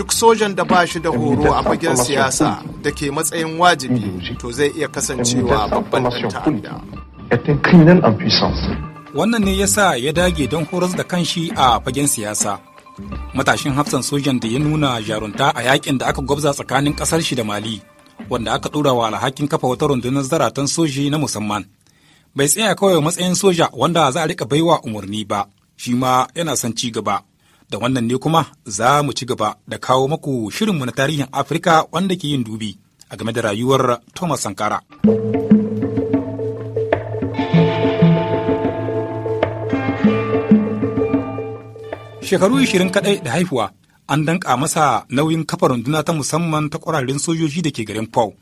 duk sojan da ba shi da horo a fagen siyasa da ke matsayin wajibi to zai iya kasancewa babban ta'adda. Wannan ne ya sa ya dage don horas da kanshi a fagen siyasa. Matashin hafsan sojan da ya nuna jarunta a yakin da aka gwabza tsakanin ƙasar shi da Mali, wanda aka ɗora wa alhakin kafa wata rundunar zaratan soji na musamman. Bai tsaya kawai matsayin soja wanda za a riƙa baiwa umarni ba, shi ma yana son ci gaba. Da wannan ne kuma za mu ci gaba da kawo maku shirinmu na tarihin Afirka wanda ke yin dubi a game da rayuwar Thomas Sankara. Shekaru 20 kadai da haihuwa an danƙa masa nauyin kafa runduna ta musamman ta ƙwararrun sojoji da ke garin Pau.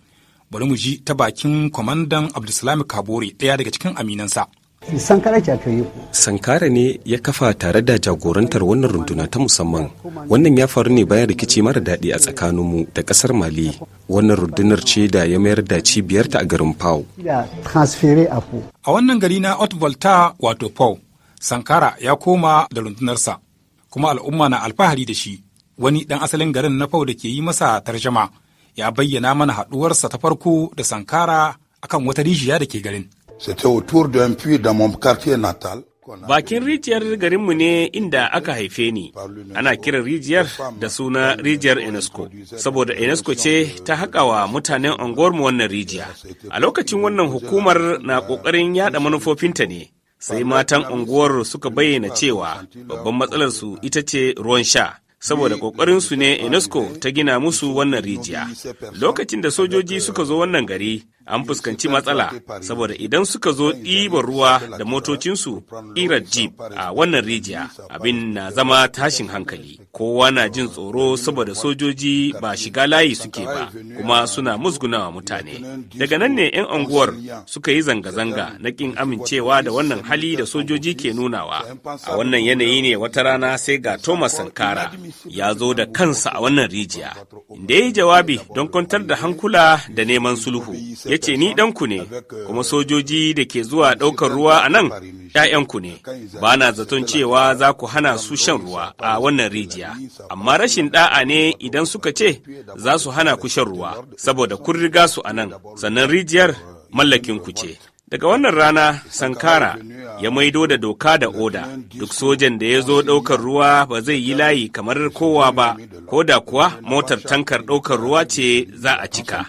Bari mu ji ta bakin kwamandan Abdulsalami Kabore ɗaya daga cikin aminansa. Sankara ne ya kafa tare da jagorantar wannan runduna ta musamman. Wannan ya faru ne bayan rikici mara daɗi a tsakaninmu da ƙasar Mali. Wannan rundunar ce da ya mayar da cibiyarta a garin Pau. A wannan gari na Otvolta wato Pau, Sankara ya koma da rundunarsa, kuma al'umma na alfahari da shi. Wani ɗan asalin garin na Pau da ke yi masa tarjama ya bayyana mana haɗuwarsa ta farko da Sankara akan wata rijiya da ke garin. C'était autour d'un puits dans mon quartier natal. Bakin rijiyar garinmu ne inda aka haife ni, ana kiran rijiyar da suna rijiyar UNESCO, saboda UNESCO ce ta haƙa wa mutanen unguwarmu wannan rijiya. A lokacin wannan hukumar na ƙoƙarin yada manufofinta ne, sai matan unguwar suka bayyana cewa babban matsalarsu ita ce ruwan sha. saboda ƙoƙarinsu ne UNESCO ta gina musu wannan rijiya. Lokacin da sojoji suka zo wannan gari, an fuskanci matsala saboda idan suka zo ɗiban ruwa da motocinsu ƙirar jeep a wannan rijiya abin na zama tashin hankali kowa na jin tsoro saboda sojoji ba shiga layi suke ba kuma suna musgunawa mutane daga nan ne 'yan unguwar suka yi zanga-zanga na ƙin amincewa da wannan hali da sojoji ke nunawa a wannan yanayi ne wata rana sai ga thomas sankara ya zo da kansa a wannan rijiya inda ya yi jawabi don kwantar da hankula da neman sulhu ya ce ni ɗanku ne kuma sojoji da ke zuwa ɗaukar ruwa a nan ‘ya'yanku ne ba na zaton cewa za ku hana su shan ruwa a wannan rijiya amma rashin ɗa'a ne idan suka ce za su hana ku shan ruwa saboda kun riga su a nan sannan rijiyar mallakin ku ce Daga wannan rana, Sankara ya maido da doka da oda, duk sojan da ya zo ɗaukar ruwa ba zai yi layi kamar kowa ba, ko da kuwa motar tankar ɗaukar ruwa ce za a cika.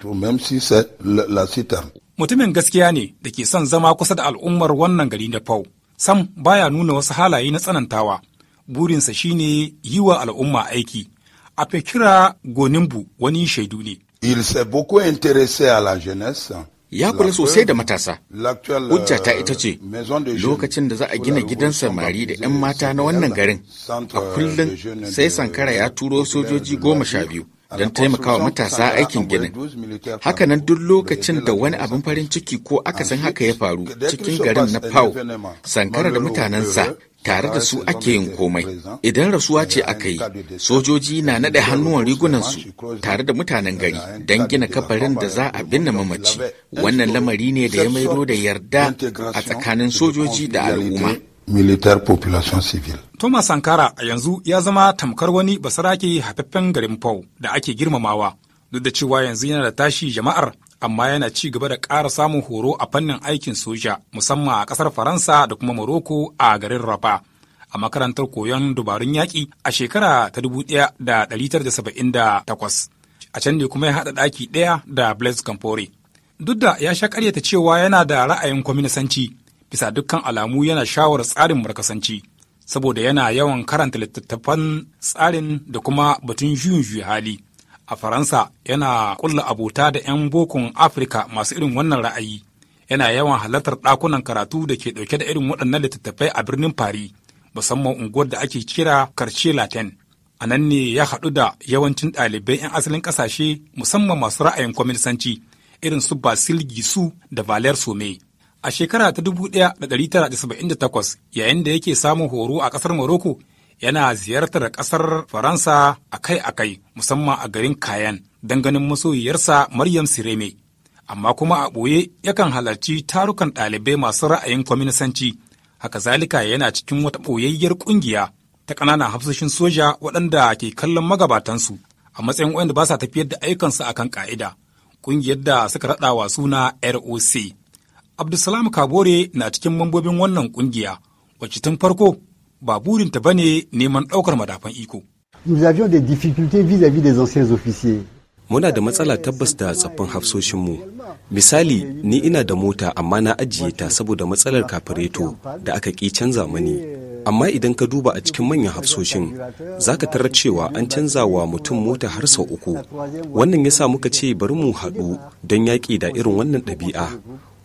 Mutumin gaskiya ne da ke son zama kusa da al'ummar wannan gari da Fau, sam baya nuna wasu halaye na tsanantawa, burinsa shine yi wa al'umma aiki. A Fekira Gonimbu wani shaidu ne. Il s'est beaucoup ya kula sosai da matasa hujja ta ita ce euh, lokacin da za a gina gidan samari da 'yan mata na wannan garin a euh, kullum sai sankara ya turo sojoji goma sha biyu don taimakawa matasa aikin ginin hakanan duk lokacin da wani abin farin ciki ko aka san haka ya faru cikin garin na pau sankara da mutanensa tare da su ake yin komai idan rasuwa ce aka yi sojoji na naɗe hannuwan rigunansu tare da mutanen gari don gina kabarin da za a binne mamaci wannan lamari ne da ya maido da yarda a tsakanin sojoji da al'umma military population civil. Thomas Sankara a yanzu ya zama tamkar wani basarake haifaffen garin Pau da ake girmamawa, duk da cewa yanzu yana da tashi jama'ar amma yana ci gaba da ƙara samun horo a fannin aikin soja musamman a ƙasar faransa da kuma morocco a garin rafa a makarantar koyon dubarun yaƙi a shekara ta 1978 a can ne kuma ya haɗa ɗaki ɗaya da blaise campore duk da ya sha ƙaryata cewa yana da ra'ayin kwaminisanci bisa dukkan alamu yana shawar tsarin markasanci saboda yana yawan karanta littattafan tsarin da kuma batun juyin juyi hali a Faransa yana kulla abota da 'yan bokun Afirka masu irin wannan ra'ayi. Yana yawan halartar ɗakunan karatu da ke ɗauke da irin waɗannan littattafai a birnin Paris, musamman unguwar da ake kira Karshe Latin. A nan ne ya haɗu da yawancin ɗalibai 'yan asalin ƙasashe musamman masu ra'ayin kwaminsanci irin su Basil Gisu da Valer Some. A shekara ta 1978 yayin da yake samun horo a ƙasar Morocco yana ziyartar ƙasar Faransa akai-akai musamman a garin Kayan don ganin masoyiyarsa Maryam Sireme. Amma kuma a ɓoye yakan halarci tarukan ɗalibai masu ra'ayin kwaminisanci, haka zalika yana cikin wata ɓoyayyar ƙungiya ta ƙananan hafsoshin soja waɗanda ke kallon magabatansu a matsayin waɗanda ba sa tafiyar da ayyukansu akan ƙa'ida, ƙungiyar da suka wa suna ROC. Abdulsalam Kabore na cikin mambobin wannan ƙungiya, wacce tun farko ba burinta ba ne neman ɗaukar madafan iko. avions des difficultés vis Muna da matsala tabbas da tsaffin hafsoshinmu. Misali, ni ina da mota amma na ajiye ta saboda matsalar kafareto da aka ƙi canza mani. Amma idan ka duba a cikin manyan hafsoshin, za ka tarar cewa an canza wa mutum mota har sau uku. Wannan ya sa muka ce bari mu haɗu don yaƙi da irin wannan ɗabi'a.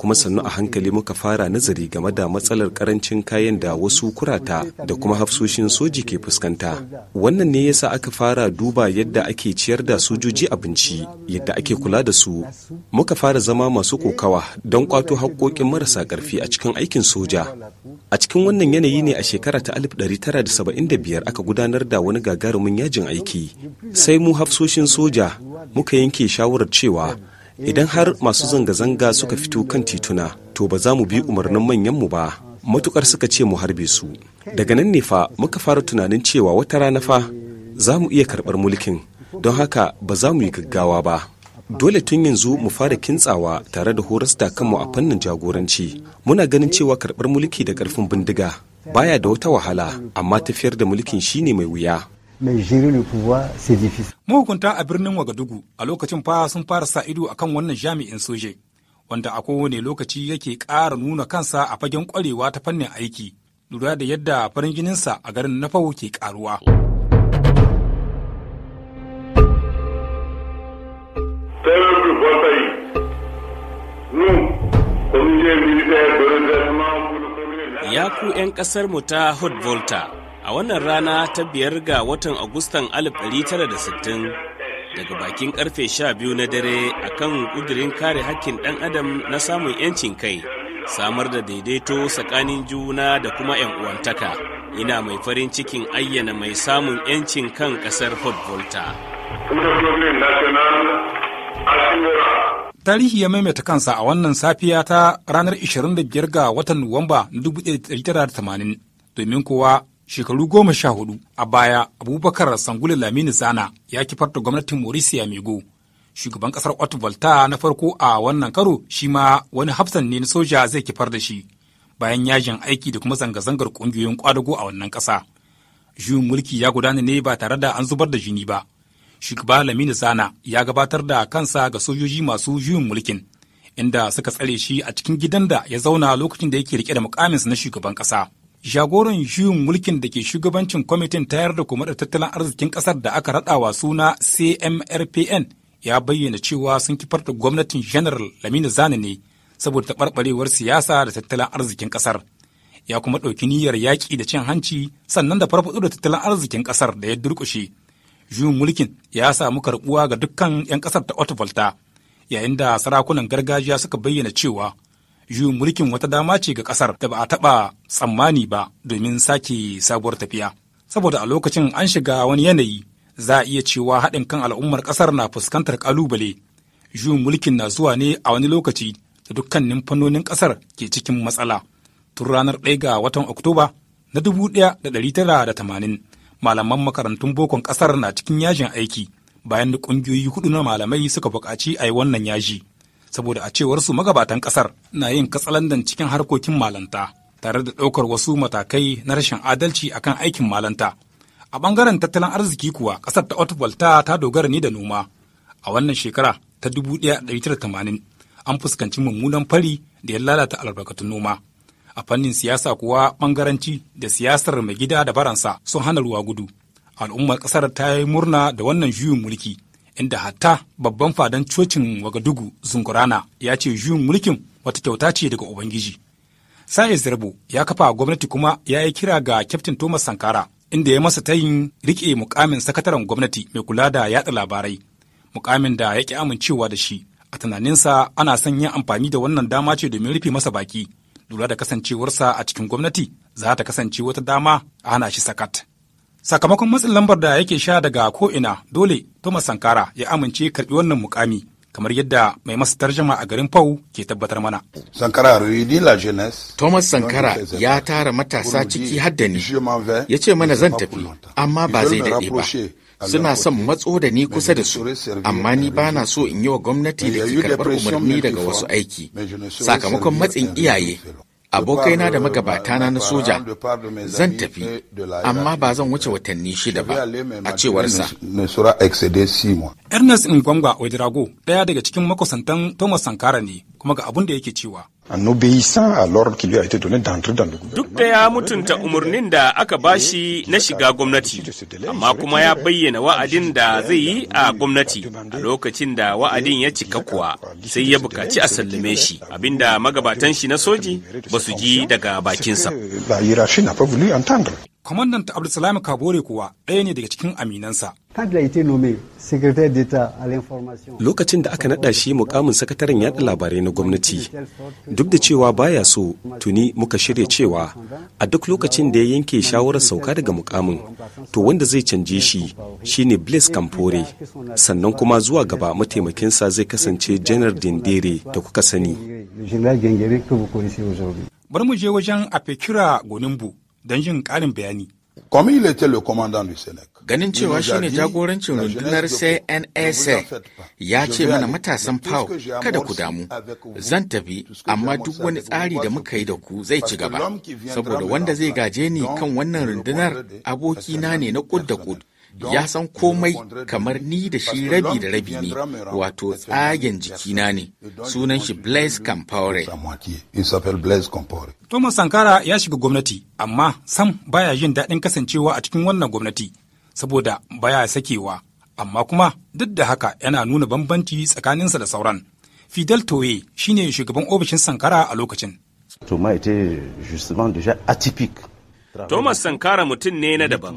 kuma sannu a hankali muka fara nazari game da matsalar karancin kayan da wasu kurata da kuma hafsoshin soji ke fuskanta wannan ne yasa aka fara duba yadda ake ciyar da sojoji abinci yadda ake kula da su muka fara zama masu kokawa don kwato haƙƙoƙin marasa ƙarfi a cikin aikin soja a cikin wannan yanayi ne a shekara ta 1975 aka gudanar da wani gagarumin yajin aiki sai mu hafsoshin soja muka yanke shawarar cewa idan har masu zanga-zanga suka fito kan tituna to ba za mu bi umarnin manyanmu ba matukar suka ce mu harbe su daga nan ne fa muka fara tunanin cewa wata rana fa za mu iya karɓar mulkin don haka ba za mu yi gaggawa ba dole tun yanzu mu fara kintsawa tare da horas da kanmu a fannin jagoranci muna ganin cewa karɓar mulki da ƙarfin bindiga baya da wata wahala amma tafiyar da mulkin shine mai wuya mai jiri le kuwa c'est difis. Mahukunta a birnin Wagadugu a lokacin fa sun fara sa ido akan wannan jami'in soje wanda a kowane lokaci yake ƙara nuna kansa a fagen ƙwarewa ta fannin aiki lura da yadda farin jininsa a garin Nafawo ke ƙaruwa. Ya ku 'yan ƙasar mu ta Hot Volta. a wannan rana ta biyar ga watan agustan 1960 daga bakin karfe 12 na dare a kan kudirin kare hakkin ɗan adam na samun 'yancin kai samar da daidaito tsakanin juna da kuma 'yan uwantaka ina mai farin cikin ayyana mai samun 'yancin kan ƙasar hot volta tarihi ya maimaita kansa a wannan safiya ta ranar 25 ga watan nuwamba 1980 domin kowa shekaru goma sha hudu a baya abubakar sangule lamini zana ya kifar da gwamnatin mauritius mego shugaban kasar otto na farko a wannan karo shi ma wani hafsan ne na soja zai kifar da shi bayan yajin aiki da kuma zanga-zangar kungiyoyin kwadago a wannan kasa juyin mulki ya gudana ne ba tare da an zubar da jini ba shugaba lamini zana ya gabatar da kansa ga sojoji masu juyin mulkin inda suka tsare shi a cikin gidan da ya zauna lokacin da yake rike da mukaminsa na shugaban kasa jagoran juyin mulkin da ke shugabancin kwamitin tayar da kuma da tattalin arzikin kasar da aka raɗawa suna cmrpn ya bayyana cewa sun kifar da gwamnatin general lamina zane ne saboda taɓarɓarewar siyasa da tattalin arzikin kasar ya kuma ɗauki niyyar yaƙi da cin hanci sannan da farfaɗo da tattalin arzikin kasar da ya durƙushe juyin mulkin ya samu karɓuwa ga dukkan 'yan kasar ta otvolta yayin da sarakunan gargajiya suka bayyana cewa juyin mulkin wata dama ce ga kasar da ba a taɓa tsammani ba domin sake sabuwar tafiya. Saboda a lokacin an shiga wani yanayi za a iya cewa haɗin kan al'ummar ƙasar na fuskantar ƙalubale. Juyin mulkin na zuwa ne a wani lokaci da dukkanin fannonin ƙasar ke cikin matsala. Tun ranar ɗaya ga watan Oktoba na dubu ɗaya da da ɗari tara tamanin malaman makarantun bokon ƙasar na cikin yajin aiki bayan da ƙungiyoyi hudu na malamai suka buƙaci a yi wannan yaji. saboda a cewar su magabatan kasar na yin katsalandan cikin harkokin malanta tare da ɗaukar wasu matakai na rashin adalci akan aikin malanta a ɓangaren tattalin arziki kuwa ƙasar ta otvolta ta dogara ne da noma a wannan shekara ta dubu 1980 an fuskanci mummunan fari da ya lalata albarkatun noma a fannin siyasa kuwa ɓangaranci da siyasar mai gida da baransa sun hana ruwa gudu al'ummar ƙasar ta yi murna da wannan juyin mulki inda hatta babban fadan cocin wagadugu zungurana ya ce juyin mulkin wata kyauta ce daga ubangiji sa'in zirbo ya kafa gwamnati kuma ya yi kira ga kyaftin thomas sankara inda ya masa tayin rike mukamin sakataren gwamnati mai kula da yada labarai mukamin da ya ki amincewa da shi a tunaninsa ana son yin amfani da wannan dama ce domin rufe masa baki lura da kasancewarsa a cikin gwamnati za ta kasance wata dama a hana shi sakat Sakamakon matsin lambar da yake sha daga ko'ina dole Thomas Sankara ya amince karbi wannan mukami kamar yadda mai masa tarjama a garin Pau ke tabbatar mana. Sankara Thomas Sankara ya tara matasa ciki hadda ni, ya ce mana zan tafi, amma ba zai daɗe ba. suna son matso da ni kusa da su amma ni ba na so in yi wa gwamnati da ke karɓar umarni daga wasu aiki sakamakon matsin iyaye abokaina da magabatana na soja zan tafi eh, amma ba zan wuce watanni shida ba a cewarsa. Ernest Ngwangwa Oedrago ɗaya daga cikin makusantan Thomas Sankara ne kuma ga abun da yake cewa. a Duk da ya mutunta umarnin da aka bashi na shiga gwamnati, amma kuma ya bayyana wa'adin da zai yi a gwamnati a lokacin da wa'adin ya cika kuwa sai ya bukaci a sallame shi abinda magabatan shi na soji ba su ji daga bakinsa. Kwamandan ta Abdulsalam Kabore kuwa ɗaya ne daga cikin aminansa. Lokacin da aka naɗa shi mukamin sakataren yaɗa labarai na gwamnati, duk da cewa baya so tuni muka shirya cewa a duk lokacin da ya yanke shawarar sauka daga mukamin, to wanda zai canje shi shi ne Blaise Campore, sannan kuma zuwa gaba mataimakinsa zai kasance Janar Dindere da kuka sani. Bari mu je wajen Apekira Gonimbu, don jin ƙarin bayani. Ganin cewa shine jagorancin rundunar CNSA ya ce mana matasan FAO kada ku damu, zan tafi amma duk wani tsari da muka yi da ku zai ci gaba, saboda wanda zai gaje ni kan wannan rundunar abokina ne na kud da kud. ya san komai kamar ni da shi rabi da rabi ne wato tsagen jikina ne sunan shi blaise campaure thomas sankara ya shiga gwamnati amma sam baya yin daɗin kasancewa a cikin wannan gwamnati saboda baya sakewa amma kuma duk da haka yana nuna bambanci tsakaninsa da sauran fidel toye shine shugaban ofishin sankara a lokacin Thomas était justement déjà atypique. Thomas Sankara mutum ne na daban,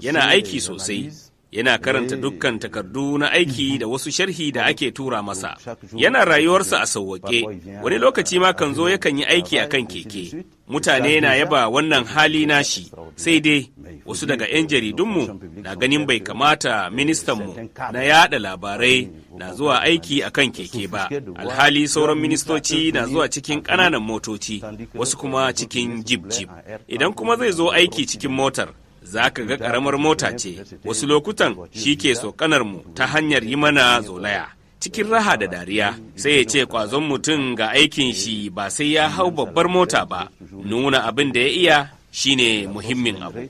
yana aiki sosai, yana eh. karanta dukkan takardu na aiki da wasu sharhi da ake tura masa yana rayuwarsa a sauwaƙe wani lokaci ma kan zo yakan yi aiki a kan keke mutane na yaba wannan hali nashi sai dai wasu daga 'yan jaridunmu na ganin bai kamata ministanmu na yada labarai na zuwa aiki a kan keke ba alhali sauran ministoci na zuwa cikin ƙananan motoci wasu kuma cikin jib jib idan kuma zai zo aiki cikin motar za ka ga karamar mota ce wasu lokutan shi ke sokanar mu ta hanyar yi mana zolaya cikin raha da dariya sai ya ce kwazon mutum ga aikin shi ba sai ya hau babbar mota ba nuna abin da ya iya shine muhimmin abu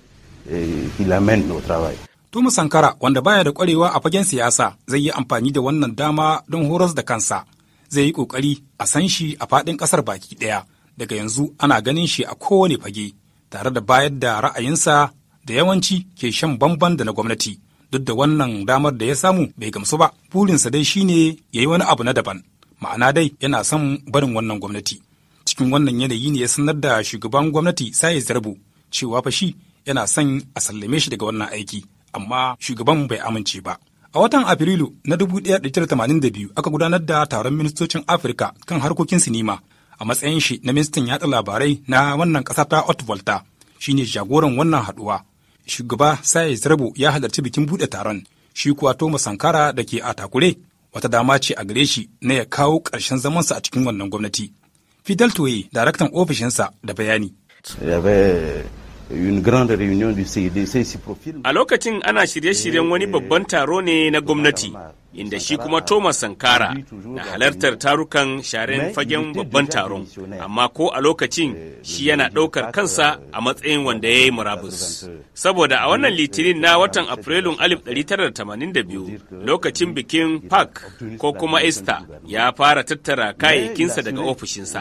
Tuma Sankara wanda baya da kwarewa a fagen siyasa zai yi amfani da wannan dama don horas da kansa zai yi kokari a san shi a faɗin ƙasar baki ɗaya daga yanzu ana ganin shi a kowane fage tare da bayar da ra'ayinsa da yawanci ke shan bamban da na gwamnati duk da wannan damar da ya samu bai gamsu ba burinsa dai shine ya yi wani abu na daban ma'ana dai yana son barin wannan gwamnati cikin wannan yanayi ne ya sanar da shugaban gwamnati sai zarbu cewa fa shi yana son a sallame shi daga wannan aiki amma shugaban bai amince ba a watan afrilu na 1982 aka gudanar da taron ministocin afirka kan harkokin sinima a matsayin shi na ministan yatsa labarai na wannan ƙasa ta otvolta shine jagoran wannan haɗuwa shugaba sai zarbo ya halarci bikin buɗe taron shi kuwa Thomas sankara da ke a takure wata dama ce a gare shi na ya kawo ƙarshen zamansa a cikin wannan gwamnati fidel toye daraktan ofishinsa da bayani A lokacin ana shirye-shiryen wani babban taro ne na gwamnati, inda shi kuma Thomas Sankara na halartar tarukan sharen fagen babban taron, amma ko a lokacin shi yana ɗaukar kansa a matsayin wanda ya yi murabus. Saboda a wannan litinin na watan Afrilun 1982 lokacin bikin Park ko kuma Easter ya fara tattara kayayyakinsa daga ofishinsa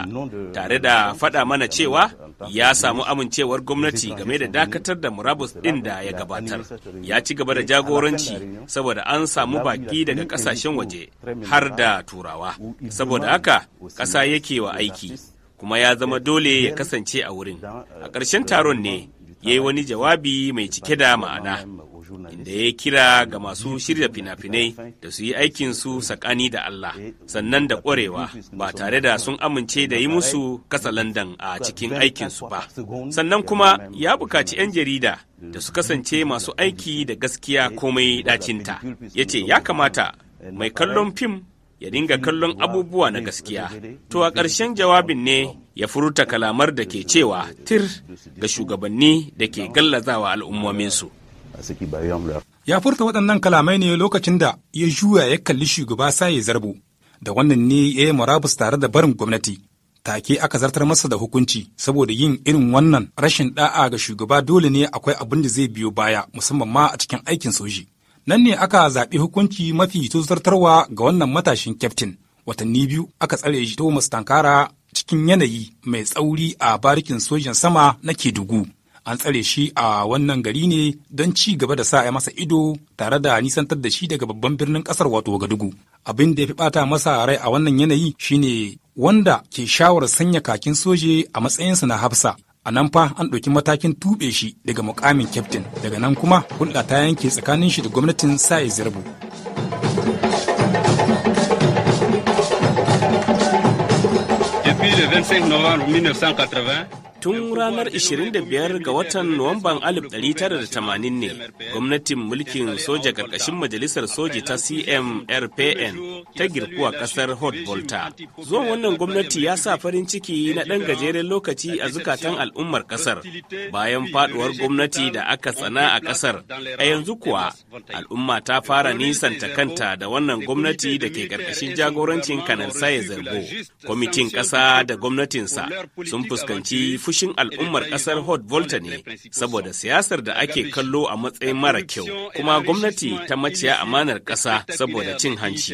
tare da faɗa mana cewa ya samu amincewar gwamnati game da dakatar da murabus ɗin da ya gabatar. Ya ci gaba da jagoranci saboda an samu baki daga kasashen ƙasashen waje har da turawa saboda haka ƙasa yake wa aiki kuma ya zama dole ya kasance a wurin a ƙarshen taron ne ya yi wani jawabi mai cike da ma'ana inda ya kira ga masu shirya fina-finai da su yi aikinsu sakani da Allah sannan da ƙwarewa ba tare da sun amince da yi musu katsalandan a cikin aikinsu ba. Sannan kuma ya bukaci 'yan jarida da su kasance masu aiki da gaskiya komai ɗacinta. Ya ce ya kamata mai kallon fim ya dinga kallon abubuwa na gaskiya. To a ƙarshen jawabin ne ya furta kalamar da ke cewa tir ga shugabanni da ke gallazawa al'ummominsu. Ya furta waɗannan kalamai ne lokacin da ya juya ya kalli shugaba sa ya zarbo, da wannan ne ya yi murabus tare da barin gwamnati. Take aka zartar masa da hukunci saboda yin irin wannan rashin da'a ga shugaba dole ne akwai abin da zai biyo baya musamman ma a cikin aikin soji. Nan ne aka zaɓi hukunci mafi zartarwa ga wannan matashin kyaftin. Watanni biyu aka tsare shi Thomas Tankara cikin yanayi mai tsauri a barikin sojan sama na Kedugu. an tsare shi a wannan gari ne don ci gaba da sa ya masa ido tare da nisantar da shi daga babban birnin kasar wato gadugu Abin da ya fi bata masa rai a wannan yanayi shine wanda ke shawar sanya kakin soje a matsayinsa na hafsa. A nan fa an ɗauki matakin tuɓe shi daga mukamin kyaftin, daga nan kuma hulɗa ta yanke tsakanin shi da gwamnatin Sa'i Zirbu. Depuis le 25 novembre 1980, tun ranar 25 ga watan nuwamban 1980 ne gwamnatin mulkin soja karkashin majalisar soji ta cmrpn ta girkuwa kasar hot volta zuwan wannan gwamnati ya sa farin ciki na ɗan gajeren lokaci a zukatan al'ummar kasar bayan faduwar gwamnati da aka tsana a kasar a yanzu kuwa al'umma ta fara nisanta kanta da wannan gwamnati da ke karkashin jagorancin kanan saye zargo kwamitin ƙasa da gwamnatinsa sun fuskanci fushin al'ummar kasar Hot Volta ne saboda siyasar da ake kallo a matsayin mara kyau kuma gwamnati ta maciya amanar kasa saboda cin hanci.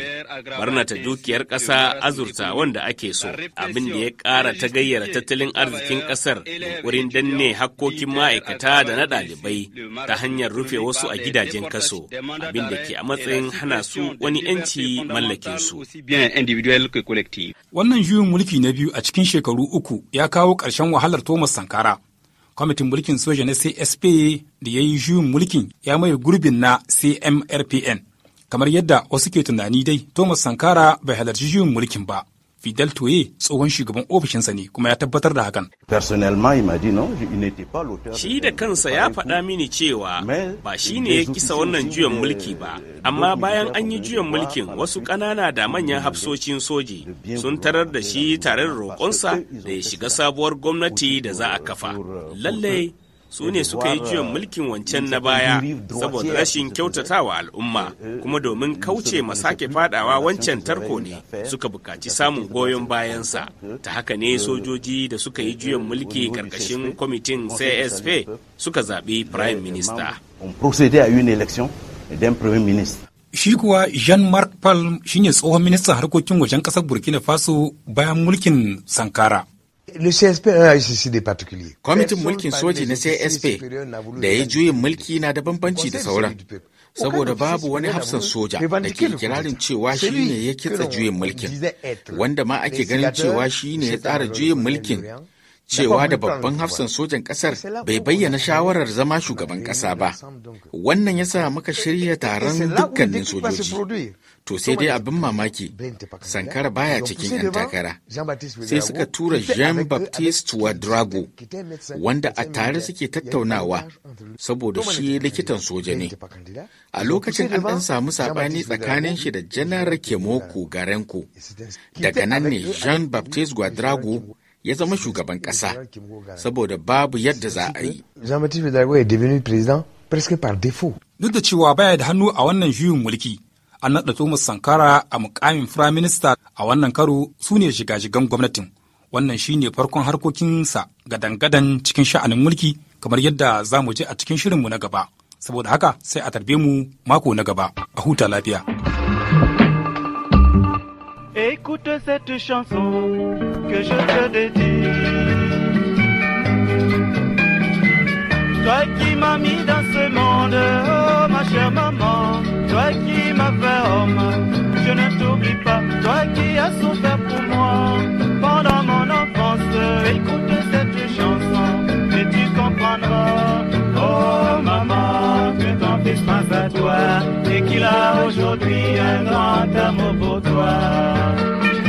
Barnata dukiyar kasa azurta wanda ake so abin da ya kara ta gayyara tattalin arzikin kasar wurin danne hakkokin ma'aikata da na ɗalibai ta hanyar rufe wasu a gidajen kaso abin da ke a matsayin hana su wani 'yanci mallakin su. Wannan juyin mulki na biyu a cikin shekaru uku ya kawo ƙarshen wahalar thomas sankara kwamitin mulkin soja na csp da ya yi juyin mulkin ya maye gurbin na cmrpn kamar yadda wasu ke tunani dai thomas sankara bai halarci juyin mulkin ba Fidel Toye tsohon shugaban ofishinsa ne kuma ya tabbatar da hakan. Shi da kansa ya faɗa mini cewa ba shi ne ya kisa wannan juyan mulki ba, euh, amma bayan an yi juyan mulkin wasu ƙanana da manyan hafsocin soji sun tarar da shi tare da roƙonsa da ya shiga sabuwar gwamnati da za a kafa. Euh, Lallai su ne suka yi juyin mulkin wancan na baya saboda rashin kyautatawa al'umma kuma domin kauce ma sake fadawa wancan tarko ne suka bukaci samun goyon bayansa ta haka ne sojoji da suka yi juyan mulki karkashin kwamitin csp suka zaɓi prime minister Shi kuwa Jean-Marc Palm shine tsohon ministan harkokin wajen ƙasar Burkina Faso bayan mulkin Sankara. Euh, Kwamitin mulkin soji na CSP da ya juyin mulki na da bambanci da sauran. saboda babu wani hafsan soja da ke kirarin cewa shi ne ya kitsa juyin mulkin wanda ma ake ganin cewa shi ne ya tsara juyin mulkin cewa da babban hafsan sojan kasar bai bayyana shawarar zama shugaban kasa ba wannan yasa muka shirya taron dukkanin sojoji To sai dai abin mamaki, Sankara baya cikin 'yan takara. Sai suka tura Jean-Baptiste drago wanda a tare suke tattaunawa, saboda shi likitan soja ne. A lokacin an dan samu sabani tsakanin shi da Janar Kemoko Garenko. Daga nan ne Jean-Baptiste drago ya zama shugaban kasa saboda babu yadda za a yi. Duk da cewa baya da hannu a wannan juyin mulki, an naɗa Thomas Sankara a mukamin Prime Minister a wannan karo su ne shiga-shigan gwamnatin. Wannan shi ne farkon harkokinsa gadan-gadan cikin sha'anin mulki kamar yadda za mu je a cikin shirinmu na gaba. Saboda haka sai a tarbe mu mako na gaba. A huta lafiya. Toi qui m'as mis dans ce monde, oh ma chère maman. toi qui m'as fait homme, je ne t'oublie pas, toi qui as souffert pour moi pendant mon enfance. Écoute cette chanson et tu comprendras. Oh maman, que ton fils pense à toi et qu'il a aujourd'hui un grand amour pour toi.